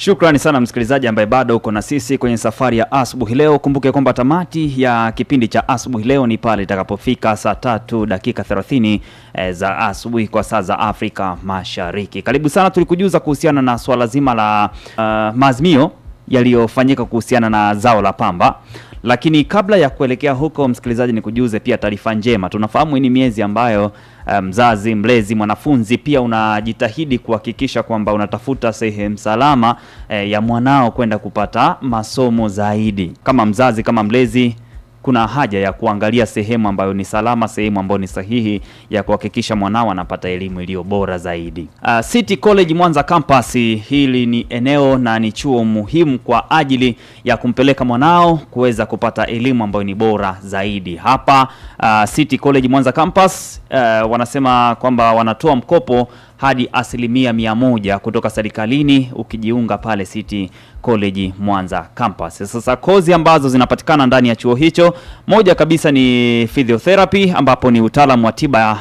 Shukrani sana msikilizaji ambaye bado uko na sisi kwenye safari ya asubuhi leo. Kumbuke kwamba tamati ya kipindi cha asubuhi leo ni pale itakapofika saa tatu dakika 30 e, eh, za asubuhi kwa saa za Afrika Mashariki. Karibu sana, tulikujuza kuhusiana na swala zima la uh, maazimio yaliyofanyika kuhusiana na zao la pamba. Lakini kabla ya kuelekea huko, msikilizaji, nikujuze pia taarifa njema. Tunafahamu hii ni miezi ambayo Eh, mzazi, mlezi, mwanafunzi pia unajitahidi kuhakikisha kwamba unatafuta sehemu salama eh, ya mwanao kwenda kupata masomo zaidi. Kama mzazi, kama mlezi kuna haja ya kuangalia sehemu ambayo ni salama, sehemu ambayo ni sahihi ya kuhakikisha mwanao anapata elimu iliyo bora zaidi. Uh, City College Mwanza Campus, hili ni eneo na ni chuo muhimu kwa ajili ya kumpeleka mwanao kuweza kupata elimu ambayo ni bora zaidi. Hapa uh, City College Mwanza Campus uh, wanasema kwamba wanatoa mkopo hadi asilimia mia moja kutoka serikalini ukijiunga pale City College Mwanza campus. Sasa kozi ambazo zinapatikana ndani ya chuo hicho, moja kabisa ni physiotherapy ambapo ni utaalamu wa tiba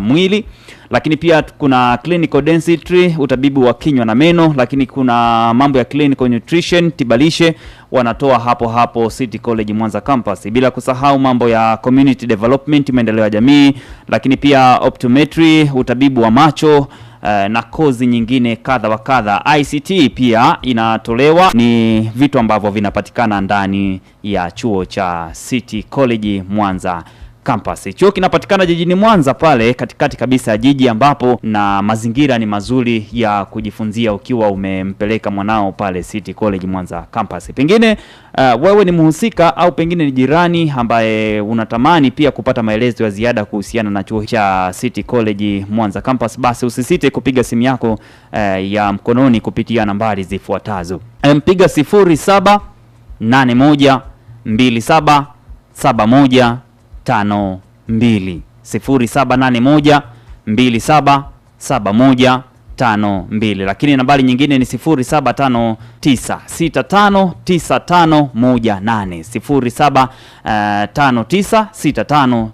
uh, mwili lakini pia kuna clinical dentistry, utabibu wa kinywa na meno, lakini kuna mambo ya clinical nutrition, tibalishe wanatoa hapo hapo City College Mwanza campus, bila kusahau mambo ya community development, maendeleo ya jamii, lakini pia optometry, utabibu wa macho eh, na kozi nyingine kadha wa kadha. ICT pia inatolewa. Ni vitu ambavyo vinapatikana ndani ya chuo cha City College Mwanza campus. Chuo kinapatikana jijini Mwanza pale katikati kabisa ya jiji, ambapo na mazingira ni mazuri ya kujifunzia ukiwa umempeleka mwanao pale City College Mwanza campus. Pengine uh, wewe ni mhusika au pengine ni jirani ambaye unatamani pia kupata maelezo ya ziada kuhusiana na chuo cha City College Mwanza campus, basi usisite kupiga simu yako uh, ya mkononi kupitia nambari zifuatazo. Mpiga sifuri saba nane moja mbili saba saba moja tano mbili sifuri saba nane moja mbili saba saba moja tano mbili, lakini nambari nyingine ni 0759 659518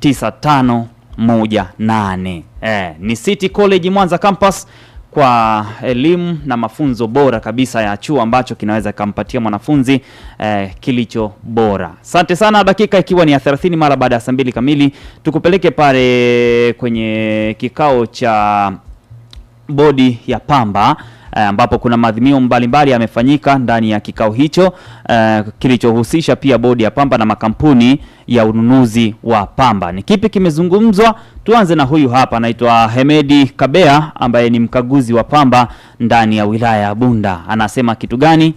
0759 Eh, ni City College Mwanza campus kwa elimu na mafunzo bora kabisa ya chuo ambacho kinaweza kikampatia mwanafunzi eh, kilicho bora. Asante sana, dakika ikiwa ni ya 30 mara baada ya saa mbili kamili, tukupeleke pale kwenye kikao cha bodi ya Pamba Eh, ambapo kuna maadhimio mbalimbali yamefanyika ndani ya kikao hicho eh, kilichohusisha pia bodi ya pamba na makampuni ya ununuzi wa pamba. Ni kipi kimezungumzwa? Tuanze na huyu hapa, anaitwa Hemedi Kabea ambaye ni mkaguzi wa pamba ndani ya wilaya ya Bunda, anasema kitu gani?